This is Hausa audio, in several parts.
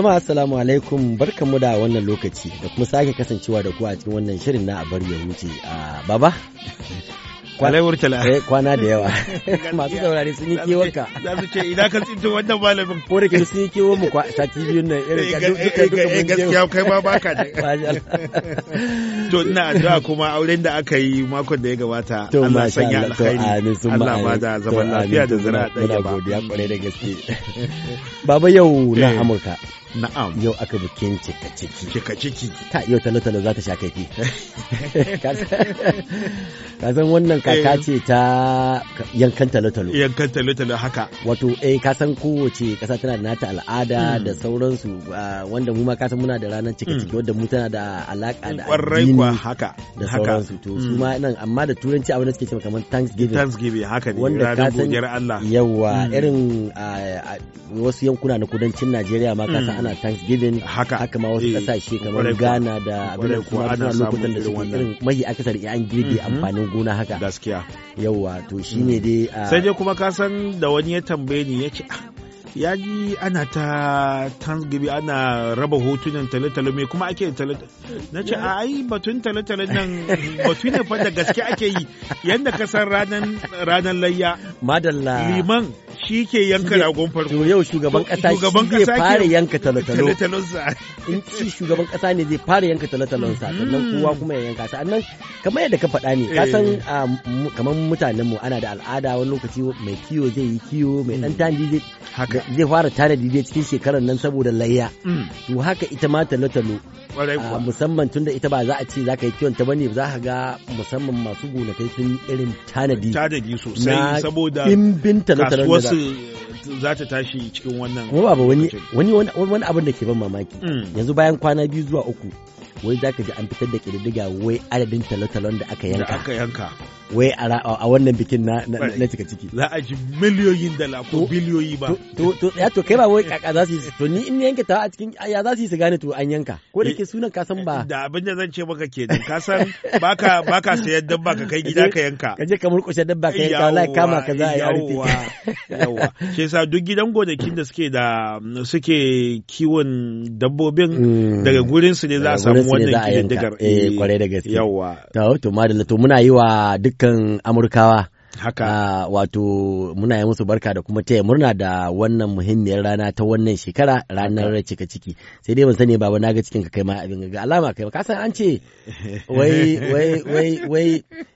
Jama'a assalamu alaikum barkanmu da wannan lokaci da kuma sake kasancewa da ku a cikin wannan shirin na a bar ya wuce a ah, baba kwalai wurtala eh kwana da yawa masu saurari sun yi kiwon ka za su ce idan ka tsinto wannan malamin ko da ke sun yi kiwon mu kwa sati biyun nan irin ka eh, eh, duka duka eh, mun gaskiya kai ma baka da to ina addu'a kuma auren da aka yi makon da ya gabata Allah sanya alkhairi Allah ba da zaman lafiya da zira ɗaya ba godiya kwarai da gaske baba yau na Amurka Na'am. Yau aka bikin cika ciki. Cika ciki. Ta yau talo-talo za ta sha kaifi. Ka san wannan kaka ce ta yankan talotalo. Yankan talotalo haka. Wato eh ka san kowace kasa tana da nata al'ada hmm. da sauransu wanda mu ma ka san muna da ranar cika ciki hmm. wadda mu tana da alaka da addini. haka. Da sauransu to su hmm. ma nan amma da turanci abin da suke cewa kamar Thanksgiving. Thanksgiving haka ne wanda ka san Allah. Yawa irin wasu yankuna na kudancin Najeriya ma ka san ana Thanksgiving. Haka. Haka ma wasu kasashe eh, kamar Ghana da abin da kuma lokutan da suke irin an girbe amfanin gona haka. gaskiya yauwa to shi ne mm. dai ah, sai dai kuma ka san da wani ya tambaye ni ce. Ah, ya ji ana ta tangibi ana raba hotunan tale mai kuma ake tale na ce ah, ai batun tale nan batu ne fa da gaske ake yi yadda ka san ranar layya madalla liman shi ke yanka ragon farko yau shugaban kasa shugaban kasa fara yanka talatalo in ci shugaban kasa ne zai fara yanka talatalon sa sannan mm. kowa kuma ya yanka sannan kamar yadda ka faɗa ne ka san eh. ah, kamar mutanen mu ana da al'ada wani lokaci mai kiwo zai yi kiwo mai dan mm. tanadi zai fara tanadi dai cikin shekarar nan saboda layya mm. to haka ita ma talatalo ah, musamman tunda ita ba za a ce za ka yi kiwon ta bane za ka ga musamman masu gonakai sun irin tanadi tanadi sosai saboda dimbin talatalo da za ta tashi cikin wannan kuma wani wani wani abin da ke ban mamaki mm. yanzu bayan kwana biyu zuwa uku wai za ka ji an fitar da kididdiga wai adadin talon da aka yanka wai a wannan bikin na na cika ciki za a ji miliyoyin dala ko biliyoyi ba to to ya to kai ba wai kaka za su yi to ni in yanke ta a cikin ya za su yi su gane to an yanka ko da eh, ke sunan ka san ba da abin da zan ce maka ke ka san baka baka sayar dabba ka kai gida ka yanka ka je ka murƙushe dabba ka yanka wallahi kama ka za a yi arfi yawa shi yasa duk gidan gonakin da suke da suke kiwon dabbobin mm. daga gurin su ne za a samu wannan kididdigar eh kwarai da eh, gaske yawa to to madalla to muna yi wa duk dukkan amurkawa haka ah, wato muna yi musu barka da kuma taya murna da wannan muhimmiyar rana ta wannan shekara ranar cika ciki sai dai ban sani baba na ga cikin ka kai ma ga alama kai ka san an ce wai wai wai wai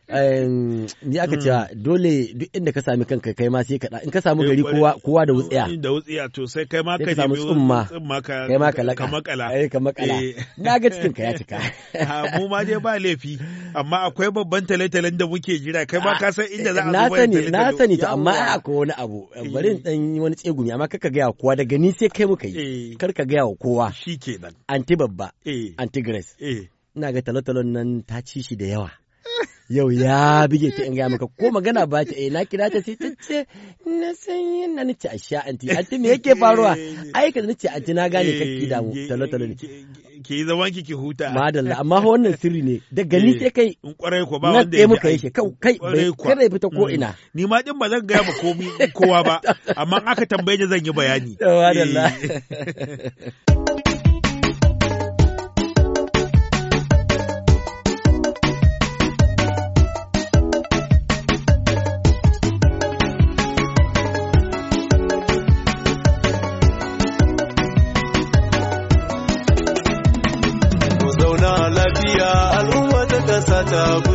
ni aka cewa hmm. dole duk inda ka sami kanka kai ma sai kaɗa in ka samu gari eh, kowa da wutsiya eh, da wutsiya to sai kai ma ka samu tsumma kai ma ka makala eh ka makala eh. na ga cikin ka ya cika ah, mu ma dai ba laifi amma akwai babban talentalen da muke jira kai ma ka san inda za a na sani na sani to amma akwai wani abu bari in dan wani tsegumi amma kar gaya ga kowa daga ni sai kai muka yi kar ka ga kowa shikenan anti babba anti grace ina ga talotalon nan ta ci shi da yawa yau ya bige ta in gaya maka ko magana ba ta eh na kira ta sai ta ce na san yana nace a sha anti anti me yake faruwa ai ka nace anti na gane kake damu eh, talo talo ne ke zaman ki huta madalla amma wannan sirri ne daga ni eh, sai kai kwarai ko ba wanda ya muka yi kai bai kare fita ko mm. ina ni ma din ba zan gaya ma komai kowa ba amma aka tambaye zan yi bayani madalla eh. sabu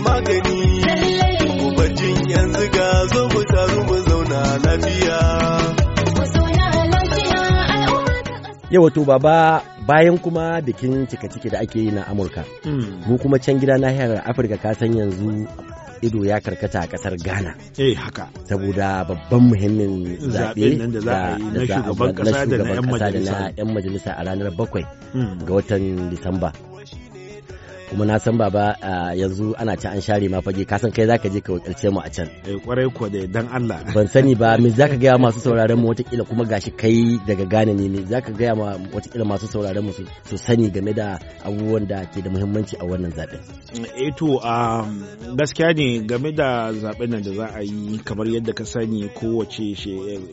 magani ubajin yanzu ga zo mu taru mu zauna lafiya yau wato baba bayan kuma bikin cike-cike da ake yi na amurka hmm. mu kuma can gida nahiyar afirka ka san yanzu ido ya karkata a kasar ghana eh haka saboda babban muhimmin zaɓe da na shugaban kasa da na 'yan majalisa a ranar bakwai hmm. ga watan disamba kuma na san baba yanzu ana ci an share ma fage ka san kai zaka je ka wakilce mu a can eh kwarai ko da dan Allah ban sani ba me zaka ga masu sauraron mu watakila kuma gashi kai daga gane ne me zaka ga ma watakila masu sauraron mu su sani game da abubuwan da ke da muhimmanci a wannan zaben eh to um, gaskiya ne game da zaben nan da za a yi kamar yadda ka sani kowace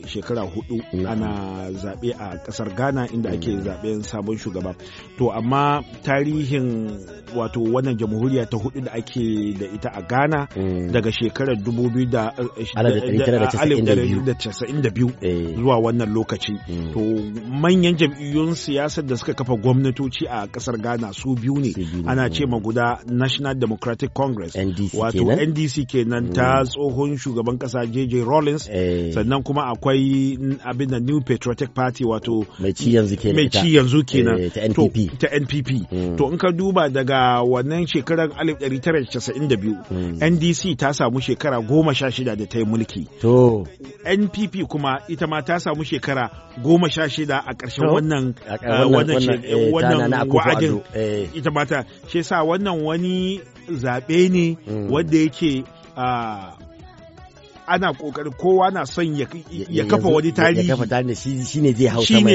shekara hudu mm. ana zabe a kasar Ghana inda ake mm. zaben sabon shugaba to amma tarihin wa wato wannan jamhuriya ta hudu da ake da ita a Ghana mm. daga shekarar 1992 zuwa wannan lokaci mm. to manyan jam'iyyun siyasar da suka kafa gwamnatoci a kasar Ghana su biyu ne ana mm. ce ma guda National Democratic Congress wato NDC kenan ta tsohon shugaban kasa JJ Rawlings eh. sannan kuma akwai abin da New Patriotic Party wato mai ci yanzu kenan eh, ta NPP to in ka duba daga wannan shekarar 1992 hmm. ndc ta samu shekara goma sha shida da ta yi mulki npp kuma ita ma ta samu shekara goma sha shida a ƙarshen wannan wannan eh, wa'adin eh. ita ma ta shi sa wannan wani zaɓe ne hmm. wanda yake ah, ana kokarin kowa na son ya kafa wani tarihi ya kafa zai hau sama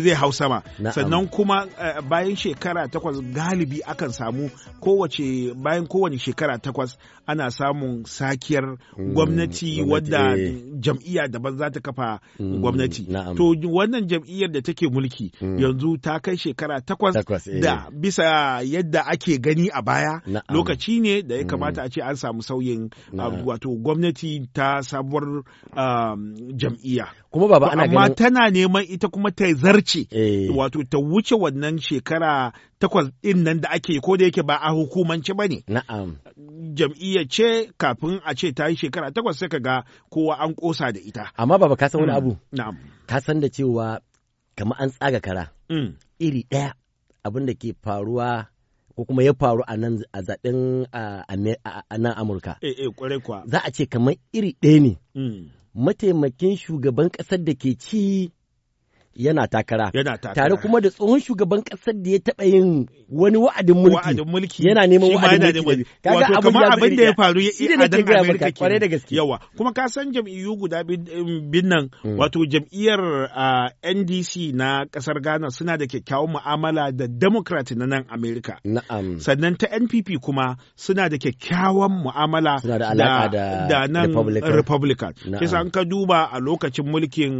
zai hau sama sannan kuma eh, bayan shekara takwas galibi akan samu kowace bayan kowane shekara takwas ana samun sakiyar mm, gwamnati wadda eh. jam'iyya daban za ta kafa mm, gwamnati to wannan jam'iyyar da take mulki mm. yanzu ta kai shekara takwas eh. da bisa yadda ake gani a baya lokaci ne da ya mm. kamata a ce an samu sauyin ah, wato gwamnati ta sabuwar um, jam'iyya kuma baba ana amma tana neman ita kuma ta zarce eh. wato ta wuce wannan shekara takwas ɗin nan da ake ko da yake ba a hukumance ba ne. Na'am. Jam'iyya ce kafin a ce ta yi shekara takwas sai ka ga kowa an ƙosa da ita. Amma baba ka san wani mm. abu? Na'am. Ka san da cewa kamar an tsaga kara. Mm. Iri ɗaya abin da ke faruwa ko kuma ya faru a nan a zaɓen a nan Amurka. Eh eh kware kwa. Za a ce kamar iri ɗaya ne. Mm. Mataimakin shugaban ƙasar da ke ci yana takara yana takara tare kuma da tsohon shugaban kasar da ya taba yin wani wa'adin mulki yana neman wa'adin mulki kaga kamar abin da ya faru a dan Amerika kwarai da gaske yawa kuma ka san jam'iyyu guda bin um, nan hmm. wato jam'iyyar uh, NDC na kasar Ghana suna da kyakkyawan mu'amala da Democrat na nan America na'am sannan ta NPP kuma suna da kyakkyawan mu'amala da nan Republican kisa an ka duba a lokacin mulkin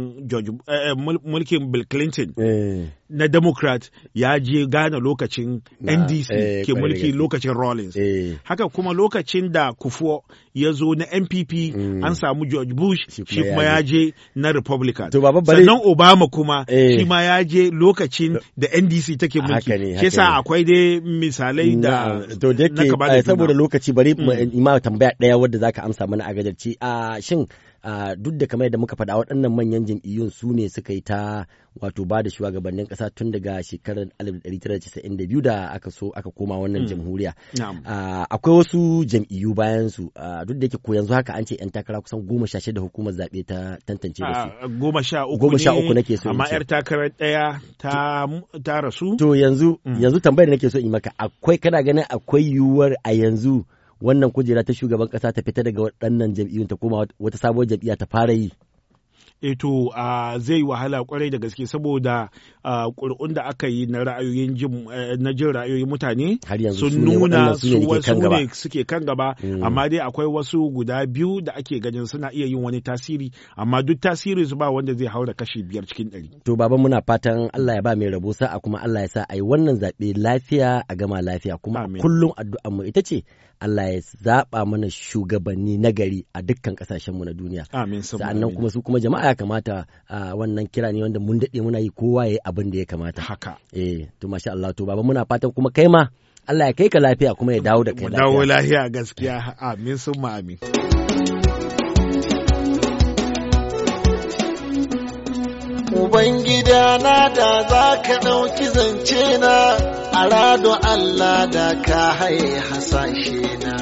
eh, eh, mulkin Bill Clinton eh. na democrat ya je gane lokacin ndc eh, ke mulki lokacin Rawlings. Eh. haka kuma lokacin da kufuwa ya zo na npp mm. an samu george bush shi kuma ya je na republican sannan obama kuma eh. shi ma ya je lokacin da ndc take mulki shi sa akwai dai misalai da to da yake saboda lokaci bari mm. ma tambaya daya wadda zaka amsa mana a gajarci a ah, shin ah, duk da kamar yadda muka faɗa waɗannan manyan jam'iyyun su ne suka yi ta wato ba da shugabannin kasa tun daga shekarar 1992 da aka so aka koma wannan mm. jamhuriya. Ah, akwai wasu jam'iyyu bayan su ah, duk da yake ko yanzu haka an ce 'yan takara kusan goma sha shida hukumar zaɓe ta tantance da ah, su. Goma sha uku goma nake so. Amma 'yar takarar ɗaya ta rasu. To yanzu mm. yanzu tambayar da nake so in maka akwai kana ganin akwai yiwuwar a yanzu wannan kujera ta shugaban kasa ta fita daga waɗannan jam'iyyun ta koma wata sabuwar jam'iyya ta fara yi. e to zai wahala kwarai da gaske saboda ƙuri'un da aka yi na ra'ayoyin jin eh, na jin ra'ayoyin mutane sun nuna su wasu ne suke kan gaba mm. amma dai akwai wasu guda biyu da ake ganin suna iya yin wani tasiri amma duk tasiri su ba wanda zai haura kashi biyar cikin ɗari. To baba muna fatan Allah ya ba mai rabo sa'a kuma Allah ya sa a yi wannan zaɓe lafiya a gama lafiya kuma kullum addu'ar mu ita ce Allah ya zaɓa mana shugabanni na gari a dukkan mu na duniya. Amin. Sa'annan kuma su kuma jama'a ya kamata wannan kira ne wanda mun daɗe muna yi kowa ya yi abin da ya kamata. Haka. Eh to masha Allah to baba muna fatan kuma kai ma Allah ya kai ka lafiya kuma ya dawo da kai lafiya. Dawo lafiya gaskiya amin sun amin. Ubangidana gidana da za ka ɗauki zance na a rado Allah da ka haye hasashe na.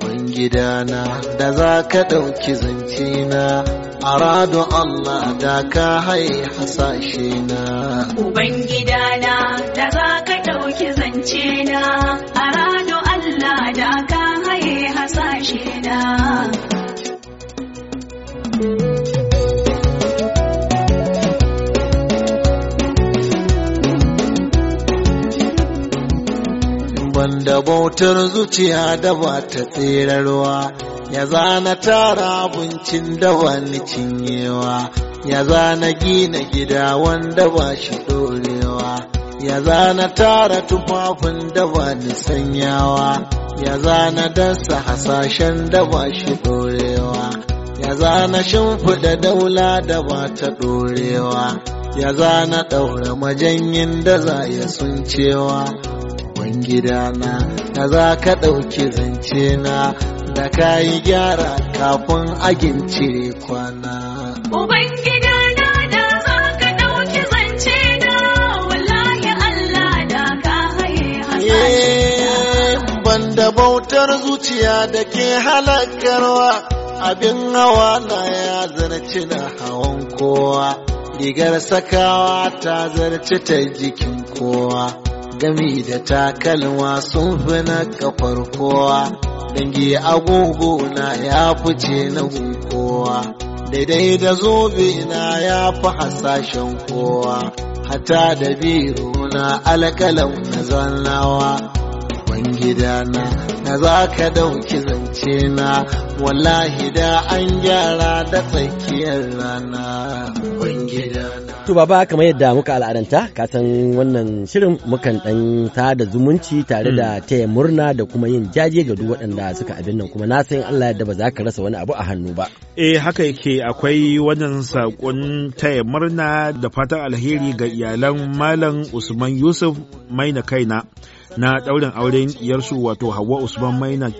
Ubangidana da za ka ɗauki zance na a rado Allah da ka haye hasashe na. ubangidana da za ka ɗauki zance na a rado Allah da ka haye hasashe na. wanda bautar zuciya da ta tserarwa ya zana tara abincin da ba ni cinyewa ya zana gina gida wanda ba shi dorewa ya zana tara tufafin da ba ni sanyawa ya zana dasa hasashen da shi dorewa ya zana shimfiɗa daula da ba ta dorewa ya zana ɗaura majanyin da za ya sun cewa cikin gidana da za ka ɗauki zance na da ka yi gyara kafin agin cire kwana. Banda eh, bautar zuciya da ke halakarwa abin hawa na ya zarci na hawan kowa, rigar sakawa ta zarci ta jikin kowa. gami da takalma sun fi na kafar kowa dangi agogo na ya fice na kowa daidai da zobe na ya fi hasashen kowa hata da biro na alkalau na zannawa Ubangidana na za ka dauki zance na wallahi da an gyara da tsakiyar rana To baba kamar yadda muka al'adanta ka san wannan shirin mukan dan da zumunci tare da hmm. taya murna da kuma yin jaje ga duk waɗanda suka abin nan kuma na san Allah yadda ba za ka rasa wani abu a hannu ba. Eh haka yake akwai wannan sakon taya murna da fatan alheri ga iyalan Malam Usman Yusuf Maina Kaina na ɗaurin auren iyarsu wato Hauwa Usman Maina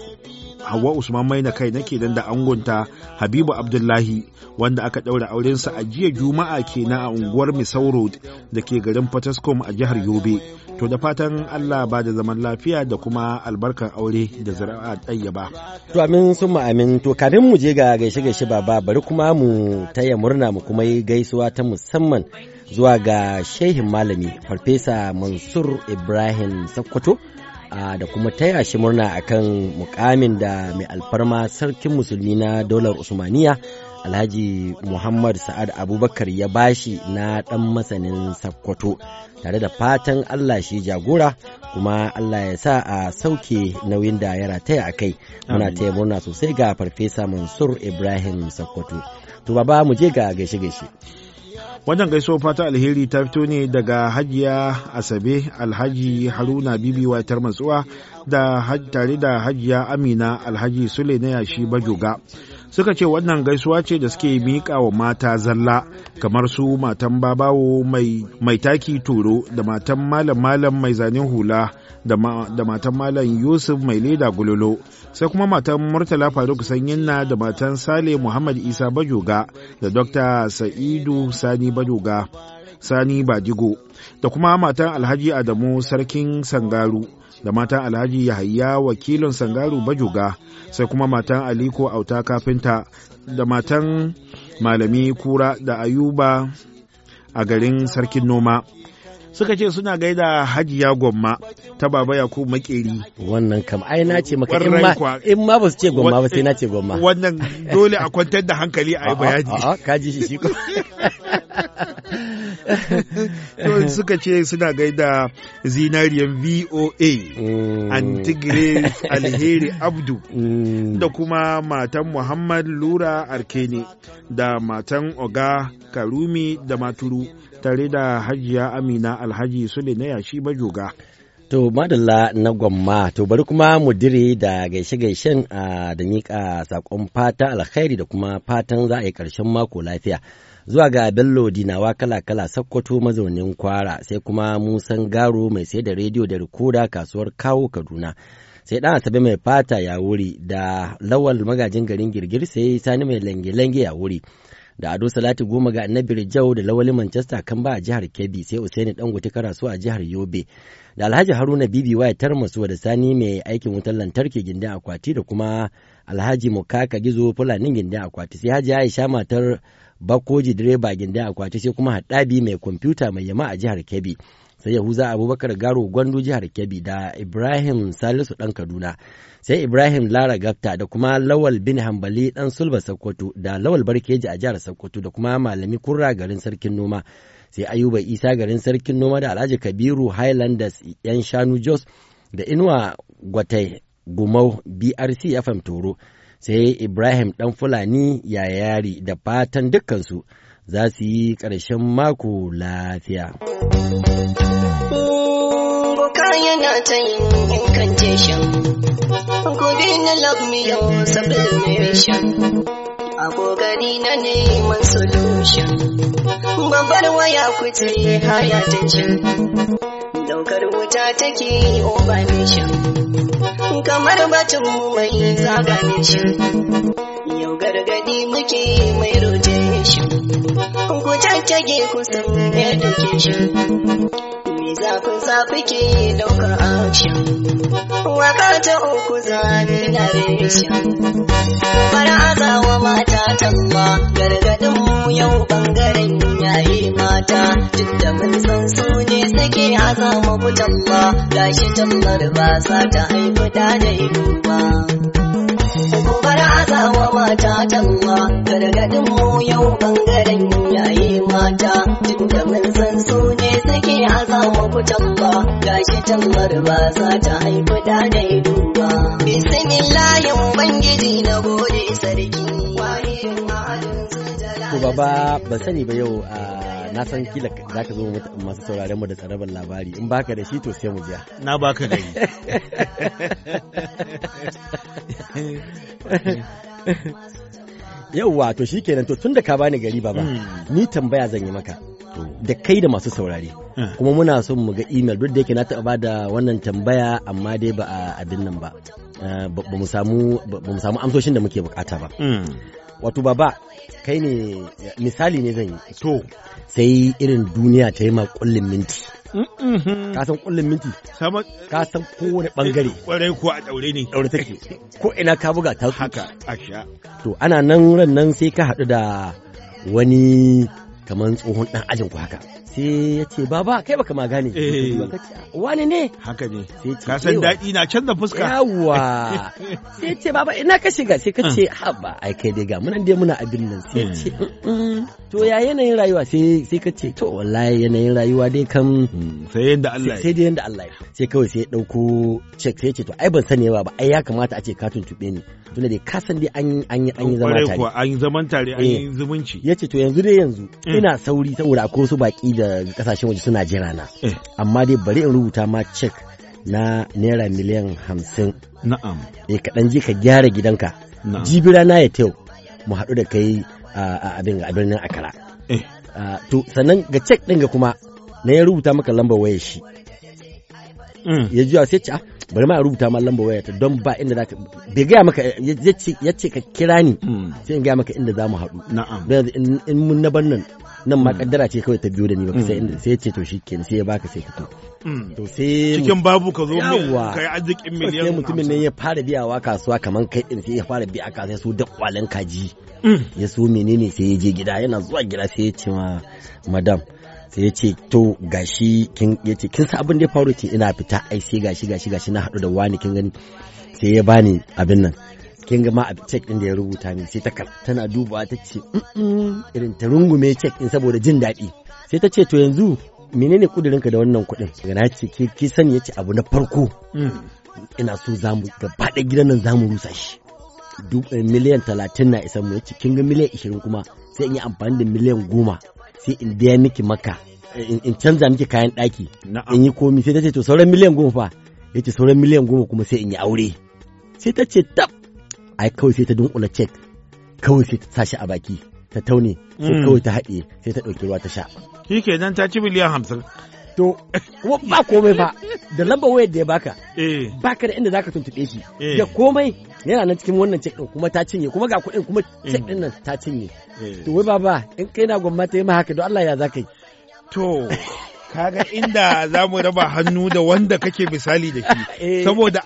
Hauwa Usman Maina kai nake dan da angonta Habibu Abdullahi wanda aka daura aurensa a jiya Juma'a kenan a unguwar Misau Road da ke garin Fataskom a jihar Yobe. To da fatan Allah ba da zaman lafiya da kuma albarkar aure da zara'a ɗayyaba. To amin sun amin to kafin mu je ga gaishe gaishe baba bari kuma mu taya murna mu kuma yi gaisuwa ta musamman zuwa ga shehin malami farfesa Mansur Ibrahim Sakkwato. a da kuma taya shi murna a kan mukamin da mai alfarma sarkin musulmi na daular usmaniya alhaji muhammad sa'ad abubakar ya bashi na dan masanin sakkwato tare da fatan allah shi jagora kuma allah ya sa a sauke nauyin da ya rataya a kai muna taya murna sosai ga farfesa mansur ibrahim sakkwato to baba mu je ga gaishe-gaishe Wannan gaisuwar fata alheri ta fito ne daga Hajiya Asabe Alhaji Haruna Bibi watar Matsuwa da tare da Hajiya Amina Alhaji Sule na yashi Bajoga. Suka ce wannan gaisuwa ce da suke miƙa wa mata zalla kamar su matan babawo mai taki toro da matan malam malam mai zanen hula da, matan Malam Yusuf mai leda gulolo sai kuma matan Murtala Faruk na da matan Sale Muhammad Isa Bajoga da Dr. Sa'idu Sani Bajoga Sani Badigo da kuma matan Alhaji Adamu Sarkin Sangaru da matan Alhaji Yahaya wakilin Sangaru Bajoga sai kuma matan Aliko Auta Kafinta da matan Malami Kura da Ayuba a garin Sarkin Noma. suka ce suna gaida hajiya gwamma ta baba yakubu makeri wannan kam ai na ce maka in ma ba su ce gwamma ba sai na ce gwamma wannan dole a kwantar da hankali a yi bayani ka ji shi shi suka ce suna gaida zinariyar voa mm. antigre alheri abdu mm. da kuma matan muhammad lura arkeni da matan oga karumi da maturu tare da hajiya amina alhaji sule na yashi bajoga to madalla na gwamma to bari kuma mudiri da gaishe-gaishen da nika saƙon fata alkhairi da kuma fatan za a yi ƙarshen mako lafiya zuwa ga bello dinawa kala-kala sakkwato mazaunin kwara sai kuma musan garo mai sai da rediyo da rikoda kasuwar kawo kaduna sai ɗan asabe mai fata ya wuri da lawal magajin garin girgir sai sani mai lange-lange ya wuri da ado salati goma ga annabi rijau da lawali manchester kan ba a jihar kebbi sai usaini dangote karasu a jihar yobe da alhaji haruna bibi waya tarmasu da sani mai aikin wutar lantarki gindin akwati da kuma alhaji mukaka gizo fulanin gindin akwati sai haji aisha matar bakoji direba gindin akwati sai kuma haɗabi mai kwamfuta mai yama a jihar kebbi sai yahuza abubakar garo gwandu jihar kebbi da ibrahim salisu dan kaduna sai ibrahim lara gafta da kuma lawal bin hambali dan sulba sokoto da lawal barkeji a jihar sokoto da kuma malami kurra garin sarkin noma sai ayuba isa garin sarkin noma da alhaji kabiru highlanders yan shanu jos da inuwa gwatai gumau brc fm toro sai ibrahim dan fulani yayari da fatan dukkansu za su yi ƙarshen mako lafiya. na ta yin incantation. Gobe na love me your sublimation. A kokari na neman solution. Babbar waya kuce haya tension. Daukar wuta take overnation. Kamar batun mu mai zaga nation. Yau gargadi muke mai rotation. Ku take kusan education. zafin safi ke daukar action waka ta uku zane na reshen fara'aza azawa mata talla gargadin mu yau bangaren yayi mata duk da mun san su ne suke haza mabu talla gashi tallar ba sa ta haifi da ido ba Gobara aka wa mata tamma gargaɗin mu yau ɓangaren yayi mata, tunda mun san su ne suke azama muku tamba, gashi tammar ba za ta haifi da da ido ba. Bismillahin Ubangiji na gode sarki, waye ma'adin sun jala. Baba ba sani ba yau a ah, na san kila za ka zo masu sauraren mu da tsarabar labari in baka da shi to sai mu biya na baka da yi wato shi kenan to tun da ka bani gari baba hmm. ni tambaya zan yi maka da kai da masu saurari. Eh. kuma muna son mu ga email duk da yake na taɓa da wannan tambaya amma dai ba a abin nan eh, ba ba mu samu amsoshin da muke bukata ba hmm. wato baba kai ne misali ne zan yi to sai irin duniya ta yi ma kullin minti mm-hmm. ka san kullin minti ka san kowane bangare kwarai ko a daure ne daure take ko ina ka buga ta haka asha to ana nan ran nan sai ka hadu da wani kamar tsohon dan ajin ku haka sai ya ce baba kai baka magane gane eh. wani ne haka ne Kasan daɗi na canza fuska yawa sai ya ce baba ina ka shiga sai ka ah. ce haba ai kai dai ga munan dai muna abin nan sai ya ce eh. to ya yanayin rayuwa sai ka ce to wallahi yanayin rayuwa dai kan hmm, sai yanda Allah sai dai yanda Allah sai kawai sai ya dauko check sai ya ce to ai ban sani ba ai ya kamata a ce ka tuntube ni tunda dai ka san dai an yi an yi zaman tare an yi zaman tare an yi zumunci yace to yanzu dai yanzu eh. ina sauri saboda akwai su baki da da kasashen waje suna jira na eh. amma dai bari in rubuta ma cek na naira miliyan hamsin na'am eh kaɗan je ka gyara gidanka jibira na ya tau mu haɗu da kai a abin a birnin akara eh. to sannan ga cek ɗin ga kuma na ya rubuta maka lambar wayar shi mm. ya juya sai ce ah, bari ma a rubuta ma lambar waya ta don ba inda zaka bai gaya maka ya ce ka kira ni mm. sai in gaya maka inda za mu haɗu na'am in mun na bannan nan ma kaddara ce kawai ta biyo da ni ba sai inda sai ya ce to shikenan sai ya baka sai ka to hmm. to sai cikin babu ka zo kai arzikin miliyan sai mutumin nan ya fara biyawa kasuwa kaman kai din sai ya fara biya kasuwa su da kwalen kaji hmm. ya so menene sai ya je gida yana zuwa gida sai ya ce ma madam sai ya ce to gashi kin ya ce kin sa abin da ya faru ce ina fita ai sai gashi gashi gashi na haɗu da wani kin gani sai ya bani abin nan kin ga ma a cek din da ya rubuta min sai ta kar tana dubawa ta ce irin ta rungume cek din saboda jin daɗi sai ta ce to yanzu menene ka da wannan kuɗin daga na ce ki sani yace abu na farko ina so zamu gaba da gidan nan zamu rusa shi eh, miliyan talatin na isa mu yace kin ga miliyan ishirin kuma sai in yi amfani da miliyan goma sai in biya miki maka eh, in canza miki kayan ɗaki in yi komi sai ta ce to sauran miliyan goma fa yace sauran miliyan goma kuma sai in yi aure sai ta ce tab ai kawai sai ta dunkula cek kawai sai ta shi a baki ta taune sai hmm. kawai ta haɗe sai ta ɗauki ruwa ta sha shi nan ta ci miliyan hamsin to ba komai ba da lambar wayar da ya baka eh. baka da inda zaka tuntuɓe shi eh. da komai yana nan cikin wannan cek din kuma ta cinye kuma ga kuɗin kuma cek din hmm. nan ta cinye eh. to wai baba in kai na gwamnati yi ma haka don Allah ya zaka yi to kaga inda za mu raba hannu da wanda kake misali da shi saboda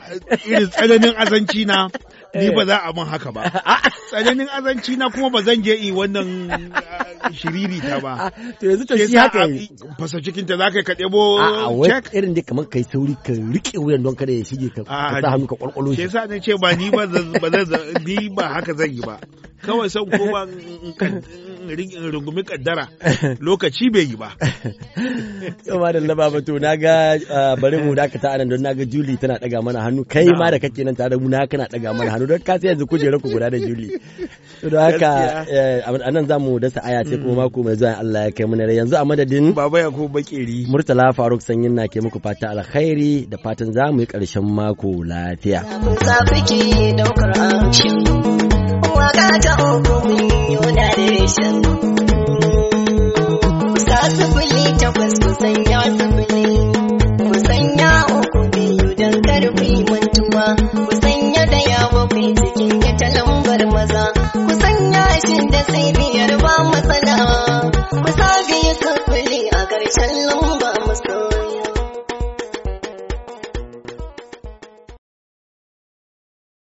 irin tsananin azanci na ni ba eh. za a mun haka ba ah. tsananin azanci na kuma ba zan je yi wannan ah, shiriri ta ba ah, to yanzu ta shi haka fasa cikin ta zaka ka debo check irin dai kamar kai sauri ka rike wuyan don kada ya shige ka sa hannu ka kwalkwalo shi yasa na ce ba ni ba zan ni ba haka zan yi ba kawai san ko ban rungumi kaddara lokaci bai yi ba yamma da laba na ga bari mu dakata anan don na ga juli tana daga mana hannu kai ma da kake nan tare da mu na kana daga mana hannu don ka sai yanzu kujerar ku guda da juli to don haka anan eh, za mu dasa aya ce kuma mako mai zuwa Allah ya kai mu ne yanzu a madadin baba ya ko bakeri murtala faruk sanyin na ke muku fata alkhairi da fatan za mu yi karshen mako lafiya. Zafi ke daukar mu. kaga ogun yana da reshen kusa sifili takwas kusan ya sifili kusan ya uku biyu don karfi mantuwa kusan ya da ya bakwai cikin ya lambar maza kusan ya shida sai biyar ba matsala kusa biyu sifili a ƙarshen lamba masoyi